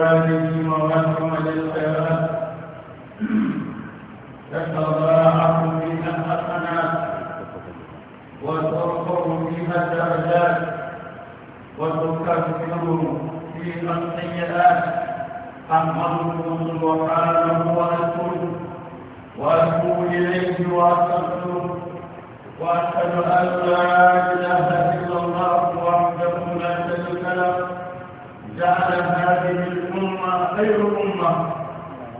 عليه ومن تزكى تتضاعف بها الحسنات وترفع بها الدرجات وتكفر فيها السيئات أمره سبحانه ورسوله وأتوب إليه وأستغفره وأشهد أن لا إله إلا الله جعل هذه الأمة خير أمة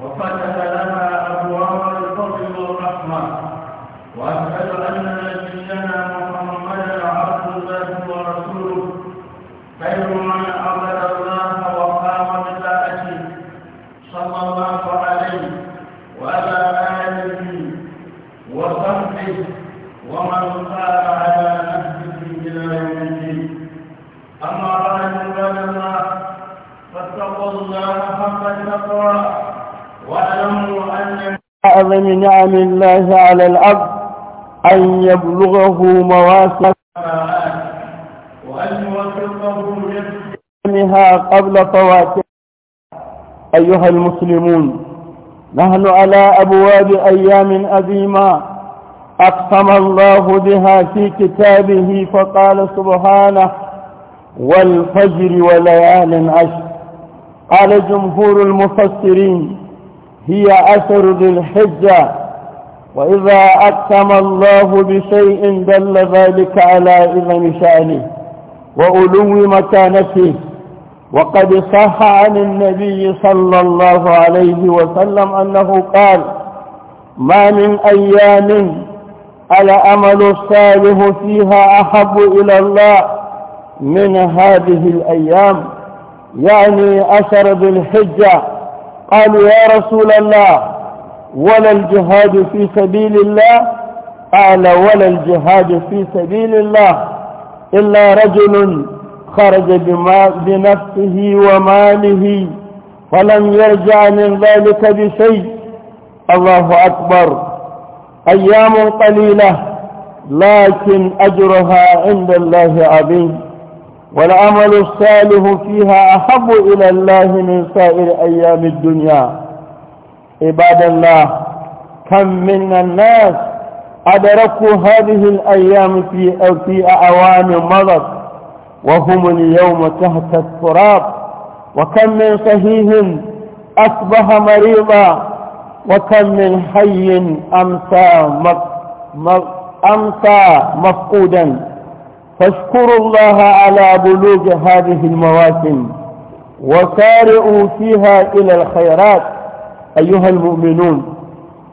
وفتح لها أبواب الفضل والرحمة وأشهد أن نبينا محمدا عبد الله ورسوله خير من عبد الله وقام بطاعته صلى الله عليه وعلى آله وصحبه ومن قال أعظم نعم الله على العبد أن يبلغه مواسم وأن يوفقه قبل فواتح أيها المسلمون نحن على أبواب أيام أذيمة أقسم الله بها في كتابه فقال سبحانه والفجر وليال عشر قال جمهور المفسرين هي أثر ذي الحجة وإذا أكتم الله بشيء دل ذلك على إذن شأنه وألو مكانته وقد صح عن النبي صلى الله عليه وسلم أنه قال ما من أيام أمل الصالح فيها أحب إلى الله من هذه الأيام يعني أثر بالحجة قالوا يا رسول الله ولا الجهاد في سبيل الله قال ولا الجهاد في سبيل الله إلا رجل خرج بنفسه وماله فلم يرجع من ذلك بشيء الله أكبر أيام قليلة لكن أجرها عند الله عظيم والعمل الصالح فيها أحب إلى الله من سائر أيام الدنيا عباد الله كم من الناس أدركوا هذه الأيام في, في أعوام مضت وهم اليوم تحت التراب وكم من صحيح أصبح مريضا وكم من حي أمسى, مف... أمسى مفقودا فاشكروا الله على بلوغ هذه المواسم وسارعوا فيها إلى الخيرات أيها المؤمنون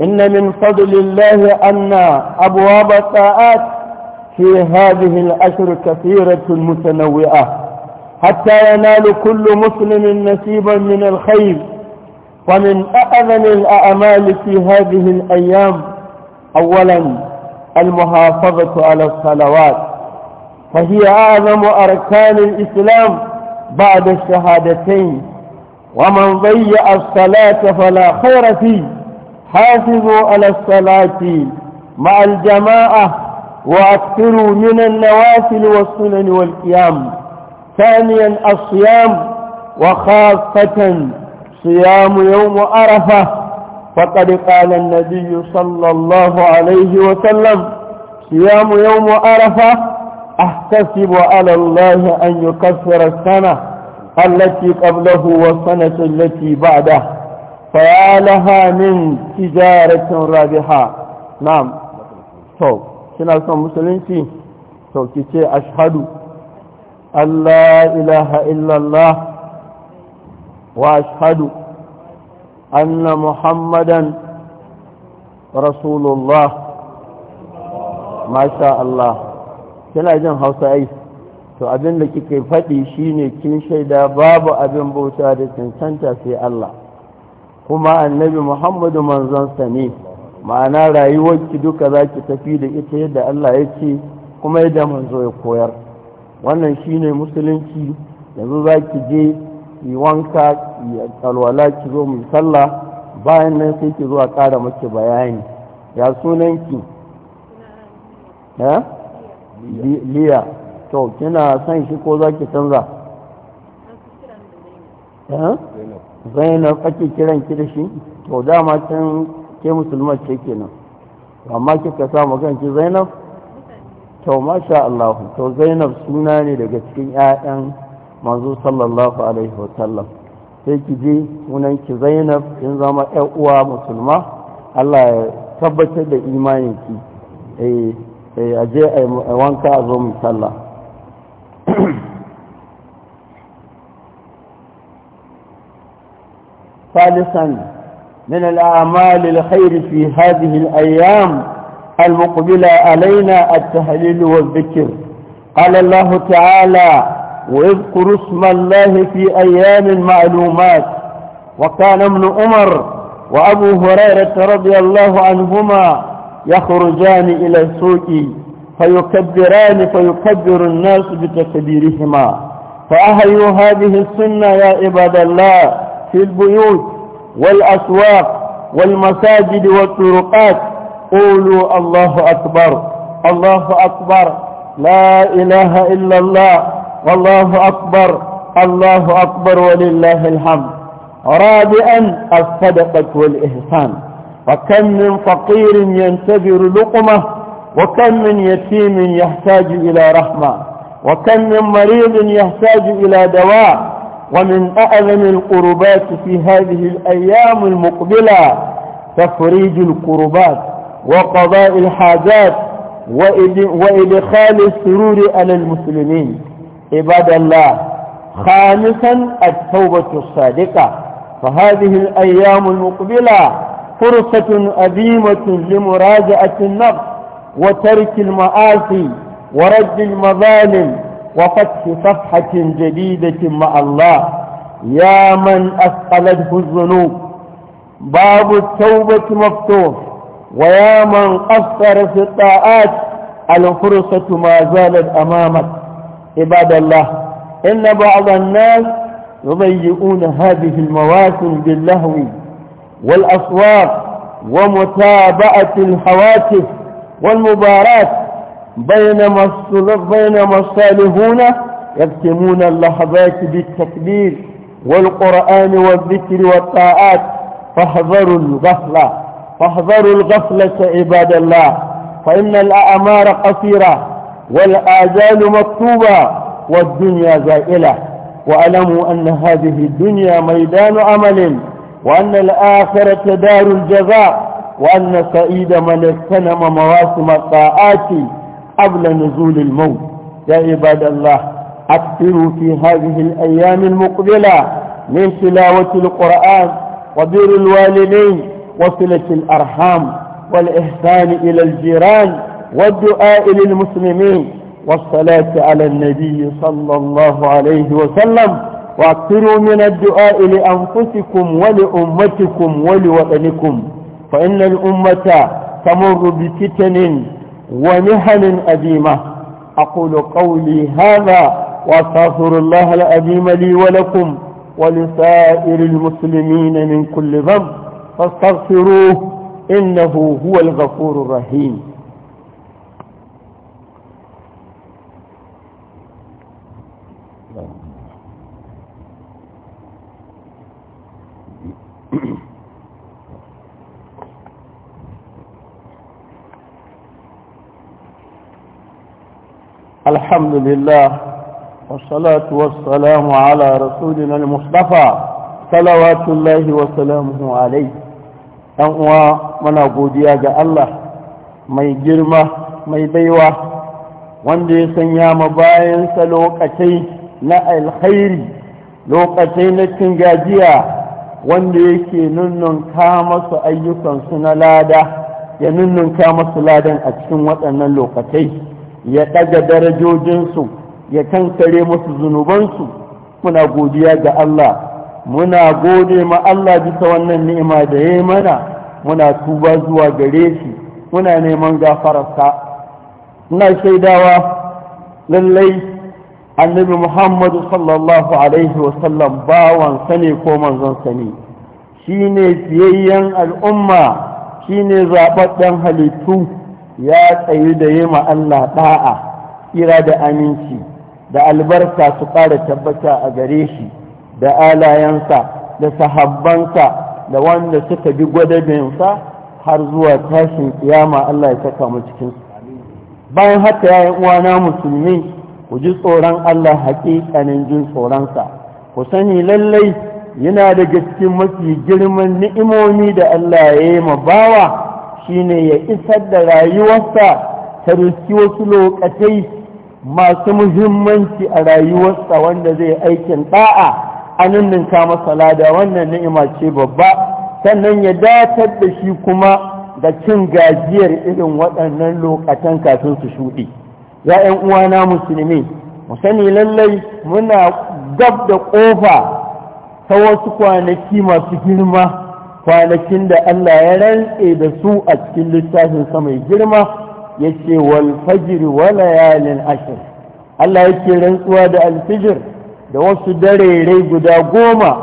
إن من فضل الله أن أبواب الطاعات في هذه الأشر كثيرة متنوعة حتى ينال كل مسلم نصيبا من الخير ومن أعظم الأعمال في هذه الأيام أولا المحافظة على الصلوات فهي أعظم أركان الإسلام بعد الشهادتين ومن ضيع الصلاة فلا خير فيه حافظوا على الصلاة مع الجماعة وأكثروا من النوافل والسنن والقيام ثانيا الصيام وخاصة صيام يوم عرفة فقد قال النبي صلى الله عليه وسلم صيام يوم عرفة أحتسب على الله أن يكفر السنة التي قبله والسنة التي بعده فيا لها من تجارة رابحة نعم تو كنا سن مسلمتي تو كيتي أشهد أن لا إله إلا الله وأشهد أن محمدا رسول الله ما شاء الله kina jin hausa ai to abin da kike faɗi shine kin shaida babu abin bauta da cancanta sai Allah kuma annabi muhammadu manzonsa ne ma'ana rayuwarki duka zaki tafi da ita yadda Allah ya ce kuma yadda manzo ya koyar wannan shine musulunci yanzu za ki je yi wanka alwala ki zo mu sallah bayan nan sai ki zo a ƙara maki bayani ya sunanki ya liya to kina san shi ko za ki canza eh? zainab ake kiran ki da shi to dama can ke musulman ce kenan amma kika samu ki zainab to masha Allah to zainab suna ne daga cikin 'ya'yan manzo sallallahu alaihi wasallam sai ki je sunan ki zainab in zama 'yan uwa musulma Allah ya tabbatar da imaninki eh a je a wanka a zo mai ثالثا من الأعمال الخير في هذه الأيام المقبلة علينا التهليل والذكر قال الله تعالى واذكروا اسم الله في أيام معلومات وكان ابن عمر وأبو هريرة رضي الله عنهما يخرجان إلى السوق فيكبران فيكبر الناس بتكبيرهما فأهيوا هذه السنة يا عباد الله في البيوت والأسواق والمساجد والطرقات قولوا الله أكبر الله أكبر لا إله إلا الله والله أكبر الله أكبر ولله الحمد رابعا الصدقة والإحسان وكم من فقير ينتظر لقمة وكم من يتيم يحتاج إلى رحمة وكم من مريض يحتاج إلى دواء ومن أعظم القربات في هذه الأيام المقبلة تفريج القربات وقضاء الحاجات وإدخال السرور على المسلمين عباد الله خامسا التوبة الصادقة فهذه الأيام المقبلة فرصة عظيمة لمراجعة النفس وترك المعاصي ورد المظالم وفتح صفحة جديدة مع الله يا من أثقلته الذنوب باب التوبة مفتوح ويا من قصر في الطاعات الفرصة ما زالت أمامك عباد الله إن بعض الناس يضيئون هذه المواسم باللهو والأصوات ومتابعة الحواتف والمباراة بينما بينما الصالحون يكتمون اللحظات بالتكبير والقرآن والذكر والطاعات فاحذروا الغفلة فاحذروا الغفلة عباد الله فإن الأعمار قصيرة والآجال مكتوبة والدنيا زائلة وألموا أن هذه الدنيا ميدان عمل وأن الآخرة دار الجزاء وأن سعيد من اغتنم مواسم الطاعات قبل نزول الموت يا عباد الله أكثروا في هذه الأيام المقبلة من تلاوة القرآن وبر الوالدين وصلة الأرحام والإحسان إلى الجيران والدعاء للمسلمين والصلاة على النبي صلى الله عليه وسلم واكثروا من الدعاء لأنفسكم ولأمتكم ولوطنكم فإن الأمة تمر بفتن ومهن أديمة أقول قولي هذا وأستغفر الله الأديم لي ولكم ولسائر المسلمين من كل ذنب فاستغفروه إنه هو الغفور الرحيم Alhamdu لله والصلاة والسلام على رسولنا المصطفى صلوات الله وسلامه عليه أنواع من أبوديا جاء mai girma mai baiwa wanda ya sanya ma bayansa lokacai na alkhairi lokacai na cin gajiya wanda yake nunnunka masu ayyukansu na lada ya nunnuka masu ladan a cikin waɗannan lokacai ya ɗaga darajojinsu ya kankare musu zunubansu muna godiya ga Allah muna gode ma Allah bisa wannan ni'ima da ya mana muna tuba zuwa gare shi muna neman gafararsa ina shaidawa lallai annabi muhammad sallallahu alaihi wasallam bawansa ne ko manzon ne shine siyayyen al'umma shine ne zaɓaɓɓen halittu ya tsayi da yi ma Allah ɗa'a ƙira da aminci da albarka su ƙara tabbata a gare shi da alayensa da sahabbansa da wanda suka bi gwadabinsa har zuwa tashin kiyama Allah ya saka mu cikinsu. bayan haka yayin uwana musulmi ku ji tsoron Allah haƙiƙanin jin tsoronsa ku sani lallai yana da cikin mafi girman ni'imomi da Allah ya yi ma bawa shine ya isar da rayuwarsa ta riski wasu lokacai masu muhimmanci a rayuwarsa wanda zai aikin da'a a ninninka masa lada wannan ni'ima ce babba sannan ya datar da shi kuma da cin gajiyar irin waɗannan lokacin kafin su shuɗe ya'yan uwana musulmi mu sani lallai muna gab da ƙofa ta wasu kwanaki masu girma kwanakin da Allah ya rantse da su a cikin littafin mai girma ce wal fajr wa layalin ashr Allah ce rantsuwa da alfijir da wasu dare guda goma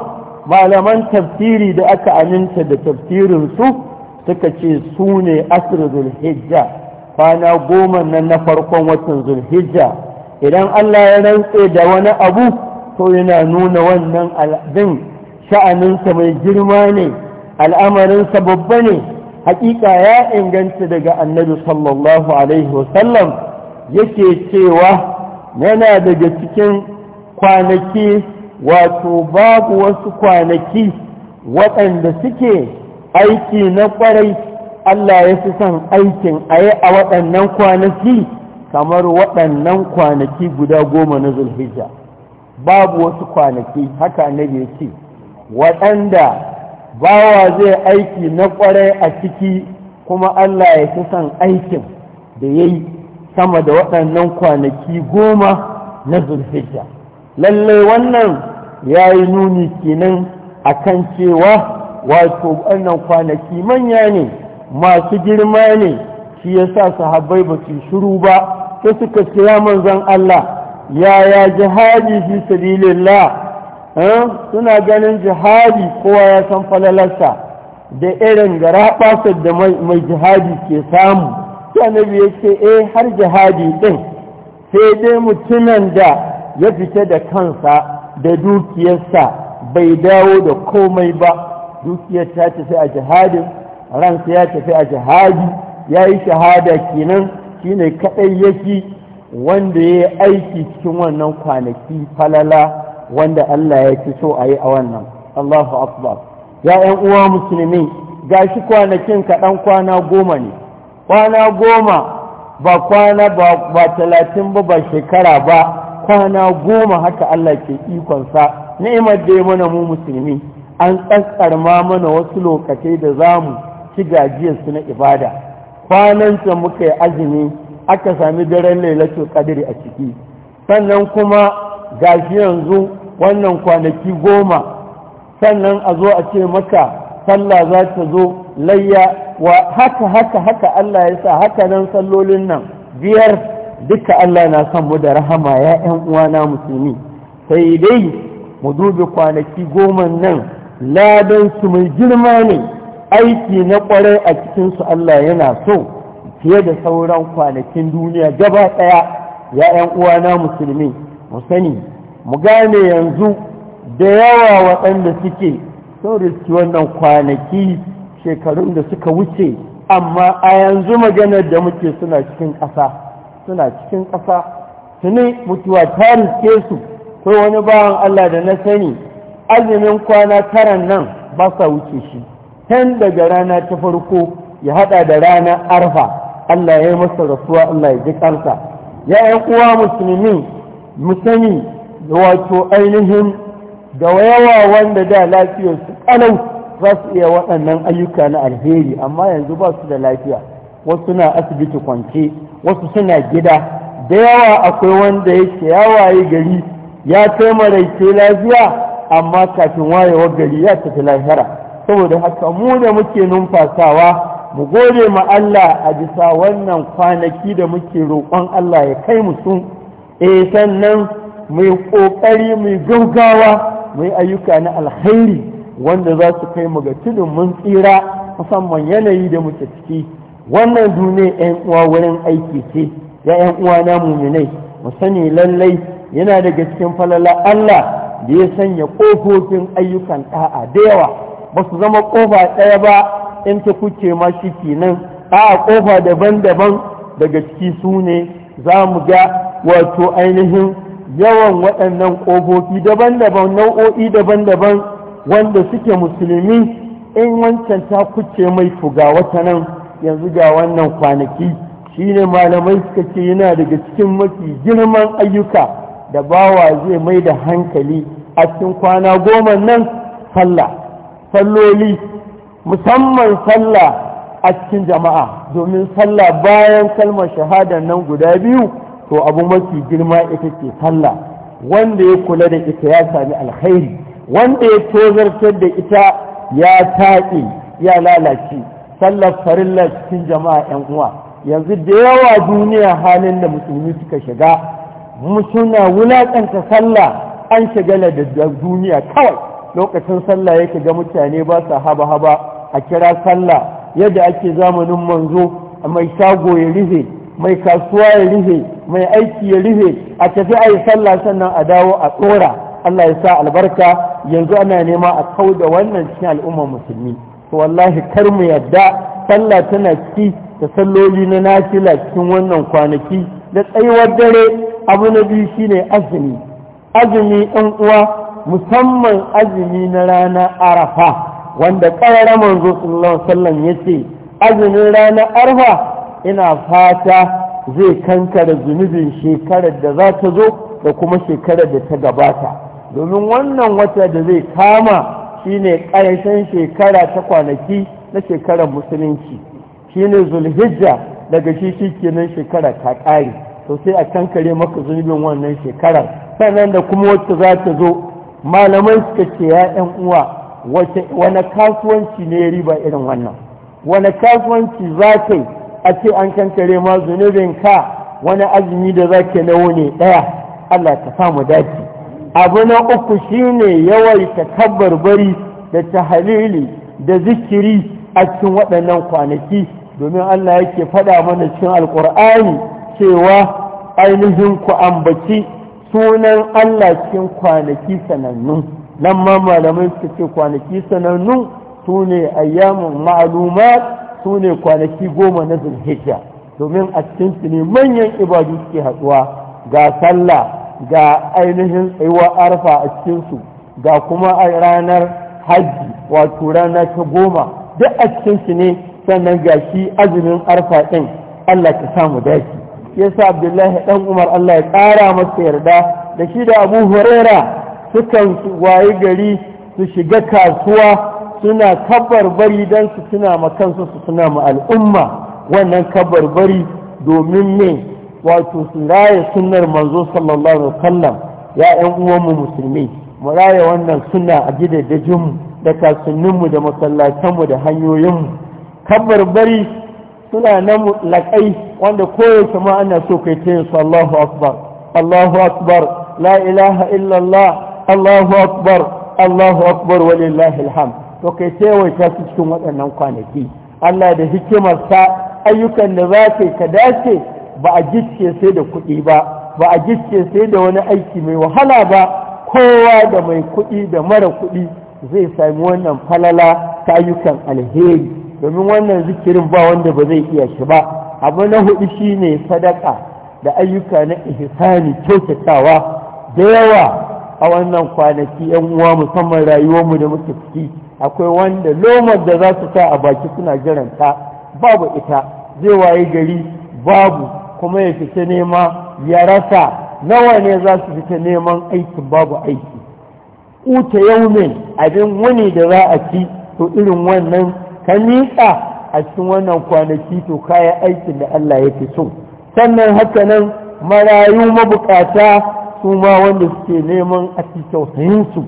malaman tafsiri da aka aminta da tafsirin su suka ce su ne asr zulhijja kwana goma nan na farkon watan zulhijja idan Allah ya rantse da wani abu to yana nuna wannan al'adun sha'aninsa mai girma ne al'amarinsa babba ne hakika ya inganta daga annabi sallallahu alaihi wasallam yake cewa yana daga cikin kwanaki wato babu wasu kwanaki waɗanda suke aiki na ƙwarai Allah ya fi son aikin a yi a waɗannan kwanaki kamar waɗannan kwanaki guda goma na zulhijja babu wasu kwanaki haka na ce waɗanda bawa zai aiki na kwarai a ciki kuma Allah ya fi son aikin da ya yi sama da waɗannan kwanaki goma na zulhijja lallai wannan ya yi nuni kenan a kan cewa wato wannan kwanaki manya ne masu girma ne shi ya sa sahabbai ba su shiru ba sai suka kira manzon Allah yaya jihadi fi sabilillah Eh? suna ganin jihadi kowa ya san falalarsa da irin gara da mai jihadi ke samu annabi ya ce eh har jihadi din sai dai mutumin da ya fita da kansa da dukiyarsa bai dawo da komai ba dukiyar ta tafi a jihadin ransa ya tafi a jihadi ya yi shahada kenan shine kadai yake wanda ya yi aiki cikin wannan kwanaki falala wanda Allah ya fi so a yi a wannan Allahu akbar ya 'yan uwa musulmi ga shi kwanakin kaɗan kwana goma ne kwana goma ba kwana ba talatin ba ba shekara ba kwana goma haka Allah ke ikonsa ni'imar da ya mana mu musulmi an ma mana wasu lokacai da za mu ci gajiyar su na ibada kwananta muka yi azumi aka sami daren lailatul qadri a ciki sannan kuma gashi yanzu wannan kwanaki goma sannan a zo a ce maka sallah za ta zo layya wa haka haka haka Allah ya sa haka nan sallolin nan biyar duka Allah na san mu da rahama ya ƴan uwana musulmi sai dai mu dubi kwanaki goma nan ladan su mai girma ne aiki na kwarai a cikin su Allah yana so fiye da sauran kwanakin duniya gaba ɗaya ya ƴan uwana musulmi mu sani mu gane yanzu da yawa waɗanda suke sun riski wannan kwanaki shekarun da suka wuce amma a yanzu maganar da muke suna cikin ƙasa suna cikin ƙasa tuni mutuwa ta riske su ko wani bawan Allah da na sani azumin kwana taran nan ba sa wuce shi tan daga rana ta farko ya hada da rana arfa Allah ya yi masa rasuwa Allah ya ji ƙarsa. ya uwa musulmi mu wato ainihin da yawa wanda da lafiyarsu ƙalau za su iya waɗannan ayyuka na alheri amma yanzu ba su da lafiya wasu na asibiti kwance wasu suna gida da yawa akwai wanda yake ya waye gari ya taimaraice lafiya amma kafin wayewar gari ya tafi lahira saboda haka mu da muke numfasawa mu gode ma Allah a bisa wannan kwanaki da muke roƙon Allah ya kai mu sun eh sannan mai ƙoƙari mai gaugawa mai ayyuka na alkhairi wanda za su kai mu ga tudun mun tsira musamman yanayi da muke ciki wannan duniya 'yan uwa wurin aiki ce ya 'yan uwa na muminai mu sani lallai yana daga cikin falala Allah da ya sanya ƙofofin ayyukan ɗa'a da yawa ba su zama ƙofa ɗaya ba in ta kuce ma shi kenan a ƙofa daban-daban daga ciki su ne za mu ga wato ainihin yawan waɗannan ƙofofi daban-daban nau'o'i daban-daban wanda suke musulmi in wancan ta kuce mai fuga wata nan yanzu ga wannan kwanaki shine malamai suka ce yana daga cikin mafi girman ayyuka da bawa zai mai da hankali a cikin kwana goma nan sallah salloli musamman sallah a cikin jama'a domin sallah bayan kalmar shahada nan guda biyu to abu mafi girma ita ce sallah wanda ya kula da ita ya sami alkhairi wanda ya tozartar da ita ya taƙi ya lalace sallar farilla cikin jama'a 'yan uwa yanzu da yawa duniya halin da musulmi suka shiga suna wulaƙanta sallah an shagala da duniya kawai lokacin sallah ya ga mutane ba sa haba haba a kira sallah yadda ake zamanin manzo mai shago ya rufe mai kasuwa ya rufe mai aiki ya rufe a tafi a yi sallah sannan a dawo a tsora Allah ya sa albarka yanzu ana nema a kau da wannan cikin al'ummar musulmi to wallahi kar mu yadda sallah tana ciki da salloli na nafila cikin wannan kwanaki da tsayuwar dare abu na biyu shine azumi azumi ɗan uwa musamman azumi na rana arafa wanda ƙararra manzo sallallahu alaihi wasallam yace azumin ranar arha. ina fata zai kankara zunubin shekarar da za ta zo da kuma shekarar da ta gabata domin wannan wata da zai kama shine ƙarshen shekara ta kwanaki na shekarar musulunci shine zulhijja daga shi shikenan shekara ta ƙare to sai a kankare maka zunubin wannan shekarar sannan da kuma wata za ta zo malamai suka ce 'yan uwa wani kasuwanci ne riba irin wannan wani kasuwanci za ta yi a ce an kankare ma zunubin ka wani azumi da zaki na ne ɗaya Allah ka samu dace abu na uku shine yawaita kabbarbari da halili da zikiri a cikin waɗannan kwanaki domin Allah yake faɗa mana cikin alƙur'ani cewa ainihin ku ambaci sunan Allah cikin kwanaki sanannu nan ma malamai suka ce kwanaki sanannu su ne ayyamun ma'alumat su ne kwanaki goma na zulhijja domin a cikin su ne manyan ibadu suke haɗuwa ga sallah ga ainihin tsayuwa arfa a cikin su ga kuma a ranar hajji wato rana ta goma duk a cikin su ne sannan ga shi azumin arfa ɗin Allah ta samu dace yasa Abdullahi dan Umar Allah ya ƙara masa yarda da shi da Abu hurera sukan wayi gari su shiga kasuwa suna bari don su tuna ma kansu su tuna ma al'umma wannan bari domin ne wato su raya sunnar manzo sallallahu alaihi wasallam ya ƴan uwanmu musulmi mu raya wannan sunna a mu da kasuwanninmu da masallatanmu da hanyoyinmu kabarbari suna na mutlaƙai wanda koyaushe ma ana so kai ta yinsu Allahu akbar Allahu akbar la ilaha illallah Allahu akbar Allahu akbar walillahi alhamd to kai kewaita su cikin waɗannan kwanaki Allah da hikimarsa ayyukan da za ka ka dace ba a gicce sai da kuɗi ba ba a gicce sai da wani aiki mai wahala ba kowa da mai kuɗi da mara kuɗi zai sami wannan falala ta ayyukan alheri domin wannan zikirin ba wanda ba zai iya shi ba abu na hudu shine sadaka da ayyuka na ihsani kyautatawa da yawa a wannan kwanaki yan uwa musamman rayuwarmu da muke ciki akwai wanda lomar da za su sa a baki suna jiranta babu ita zai waye gari babu kuma ya fita nema ya rasa nawa ne za su fita neman aikin babu aiki uta ne abin wani da za a ci to irin wannan ka miƙa a cikin wannan kwanaki to kayan aikin da Allah ya fi so sannan haka nan marayu mabukata su ma wanda suke neman a tausayinsu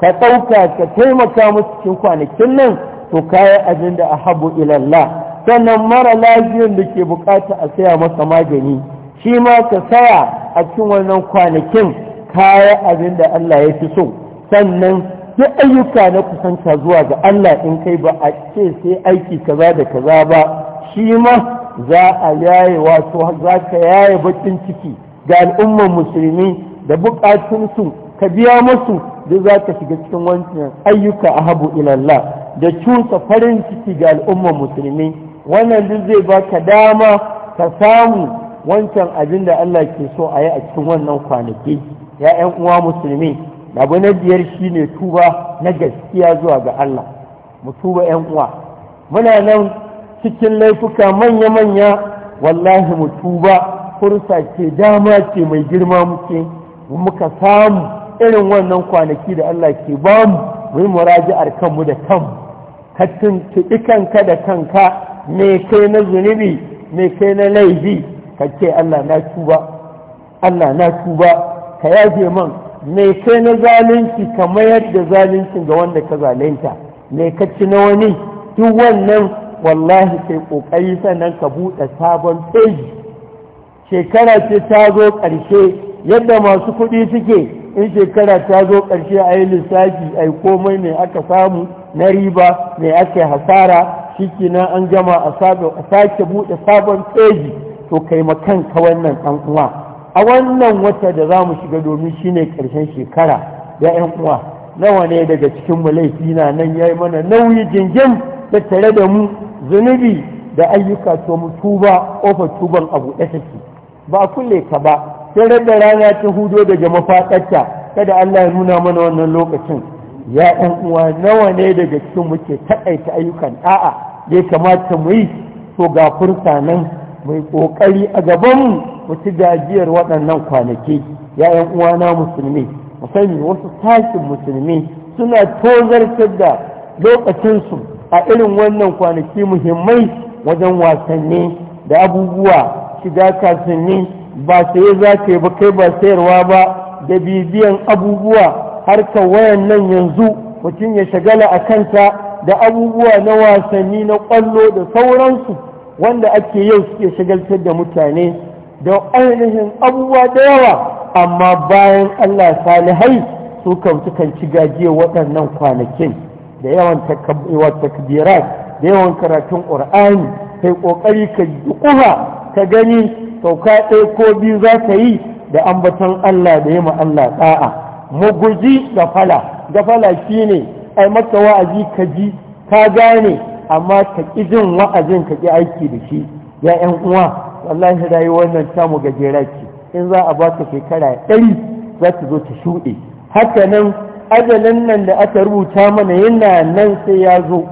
ka ɗauka ka taimaka musu cikin kwanakin nan to kayan abin da a habu ilalla sannan mara lafiyan da ke bukata a saya masa magani shi ma ka saya a cikin wannan kwanakin kayan abin da Allah ya fi so sannan duk ayyuka na kusanta zuwa ga Allah in kai ba a ce sai aiki kaza da kaza ba shi ma za a yaye wato za ka yaye bakin ciki ga al'ummar musulmi da buƙatunsu ka biya musu duk za ka shiga cikin wancan ayyuka a habu ilallah da cusa farin ciki ga al'ummar musulmi wannan duk zai ba ka dama ka samu wancan abin da Allah ke so a yi a cikin wannan kwanaki ya 'yan uwa musulmi abu na biyar shi ne tuba na gaskiya zuwa ga Allah mu tuba 'yan uwa muna nan cikin laifuka manya-manya wallahi mu tuba fursa ce dama ce mai girma muke muka samu irin wannan kwanaki da Allah ke ba mu muraji'ar kanmu da kanmu ka tuntuɓi kanka da kanka me kai na zunubi me kai na laifi ka ce Allah na tuba Allah na tuba ka yaje man mai kai na zalunci ka mayar da zalunci ga wanda ka zalunta mai ka na wani duk wannan wallahi sai ƙoƙari sannan ka buɗe sabon peji shekara ce ta zo ƙarshe yadda masu kuɗi suke in shekara ta zo ƙarshe a yi lissafi a komai mai aka samu na riba mai aka hasara shi na an gama a sake buɗe sabon peji to kai ka wannan ɗan uwa a wannan wata da za mu shiga domin shi ne ƙarshen shekara ya ‘yan uwa nawa ne daga cikin mu laifi na nan ya yi mana nauyi jingin da tare da mu zunubi da ayyuka to mu tuba ƙofar tuban abu ɗaya take ba a kulle ka ba sai da rana ta hudo daga mafakarta kada Allah ya nuna mana wannan lokacin ya ɗan uwa nawa ne daga cikin muke taƙaita ayyukan a'a ya kamata mu yi to ga fursa nan mai ƙoƙari a gaban mu ci gajiyar waɗannan kwanaki ya ɗan uwa na musulmi mu wasu tashin musulmi suna tozartar da lokacinsu a irin wannan kwanaki muhimmai wajen wasanni da abubuwa shiga kasanni ba sai za ka ba kai ba sayarwa ba da bibiyan abubuwa har ka wayan nan yanzu mutum ya shagala a kanta da abubuwa na wasanni na ƙwallo da sauransu wanda ake yau suke shagaltar da mutane da ainihin abubuwa da yawa amma bayan allah salihai su kan sukan ci gajiya waɗannan kwanakin da yawan takbirat da yawan karatun ƙur'ani kai ƙoƙari ka duƙuha ta gani sauka ɗaya ko biyu za ta yi da ambaton Allah da ma Allah ɗa'a mu guji gafala gafala shi ne ai maka wa'azi ka ji ka gane amma ka ƙi jin wa'azin ka ƙi aiki da shi ya ƴan uwa wallahi wannan nan tamu gajera ce in za a ba ka shekara ɗari za ta zo ta shuɗe haka nan ajalin nan da aka rubuta mana yana nan sai ya zo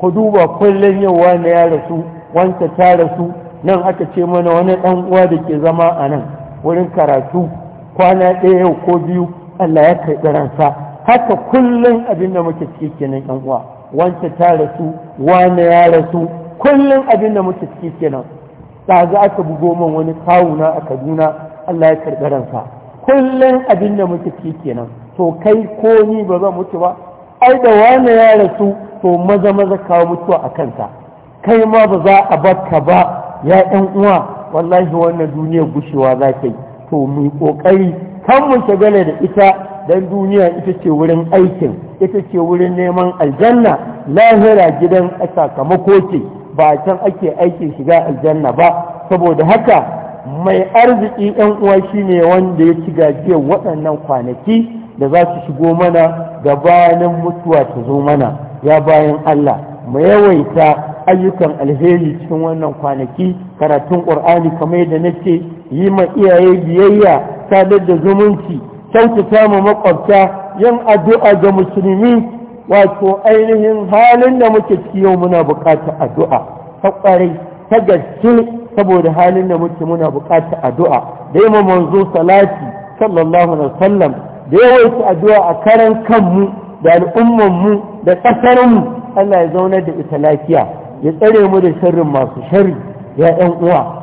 ku duba kullum yau wani ya rasu wanta ta rasu nan aka ce mana wani ɗan uwa da ke zama a nan wurin karatu kwana ɗaya yau ko biyu Allah ya karɓi ransa haka kullum abin da muke ciki kenan ɗan uwa wance ta rasu wane ya rasu kullum abin da muke ciki kenan ɗazu aka bugo man wani kawuna a Kaduna Allah ya karɓi ransa kullum abin da muke ciki kenan to kai ko ni ba zan mutu ba ai da wane ya rasu to maza maza kawo mutuwa a kansa kai ma ba za a bakka ba ya ɗan uwa wallahi wannan duniyar gushewa za ta yi to mu ƙoƙari kan mu shagala da ita dan duniya ita ce wurin aikin ita ce wurin neman aljanna lahira gidan sakamako ce ba can ake aikin shiga aljanna ba saboda haka mai arziki ɗan uwa shine wanda ya ci gajiya waɗannan kwanaki da za su shigo mana gabanin mutuwa ta zo mana ya bayan Allah mu yawaita ayyukan alheri cikin wannan kwanaki karatun ƙur'ani kamar yadda na ce yi ma iyaye biyayya sadar da zumunci kyautata ma makwabta yin addu'a ga musulmi wato ainihin halin da muke ciki yau muna buƙatar addu'a ta ƙwarai ta gaske saboda halin da muke muna buƙatar addu'a da yi manzo salati sallallahu alaihi wasallam da yawaita addu'a a karan kanmu da al'ummanmu da ƙasarmu Allah ya zaunar da ita lafiya ya tsare mu da sharrin masu shari ya yan uwa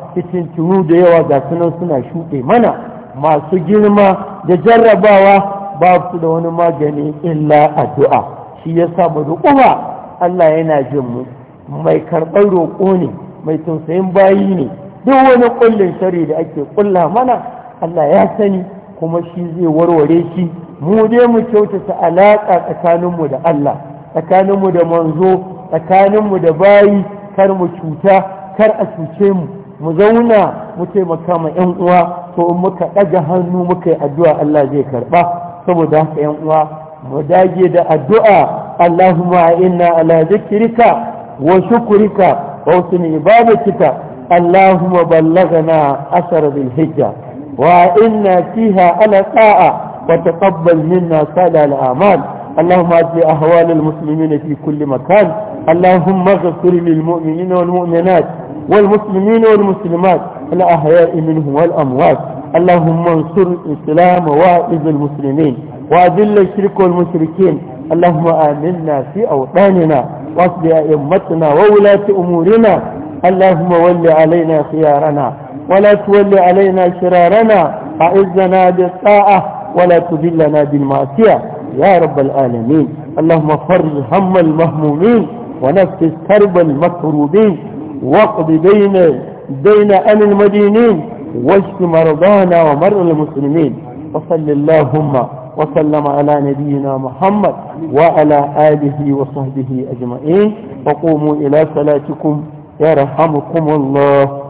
tunu da yawa ga sunan suna shuɗe mana masu girma da jarrabawa ba su da wani magani illa addu'a shi ya sa mu duƙuwa Allah yana jin mu mai karɓar roƙo ne mai tausayin bayi ne duk wani ƙullin shari da ake ƙulla mana Allah ya sani kuma shi zai warware shi mu dai mu kyautata alaƙa tsakaninmu da Allah tsakaninmu da manzo tsakaninmu da bayi kar mu cuta kar a cuce mu mu zauna mu taimaka ma yan uwa to in muka ɗaga hannu muka yi addu'a Allah zai karɓa saboda haka yan uwa mu dage da addu'a Allahumma inna ala zikrika wa shukrika wa husni ibadatika Allahumma ballaghna asar bil hijja wa inna fiha ala sa'a wa taqabbal minna salal a'mal اللهم أجل أهوال المسلمين في kulli مكان اللهم اغفر للمؤمنين والمؤمنات والمسلمين والمسلمات الأحياء منهم والأموات اللهم انصر الإسلام واعز المسلمين وأذل الشرك والمشركين اللهم آمنا في أوطاننا واصل أئمتنا وولاة أمورنا اللهم ول علينا خيارنا ولا تول علينا شرارنا أعزنا بالطاعة ولا تذلنا بالمعصية يا رب العالمين اللهم فرج هم المهمومين ونفس كرب المكروبين واقض بين بين أم المدينين واشف مرضانا ومر المسلمين وصل اللهم وسلم على نبينا محمد وعلى آله وصحبه أجمعين وقوموا إلى صلاتكم يرحمكم الله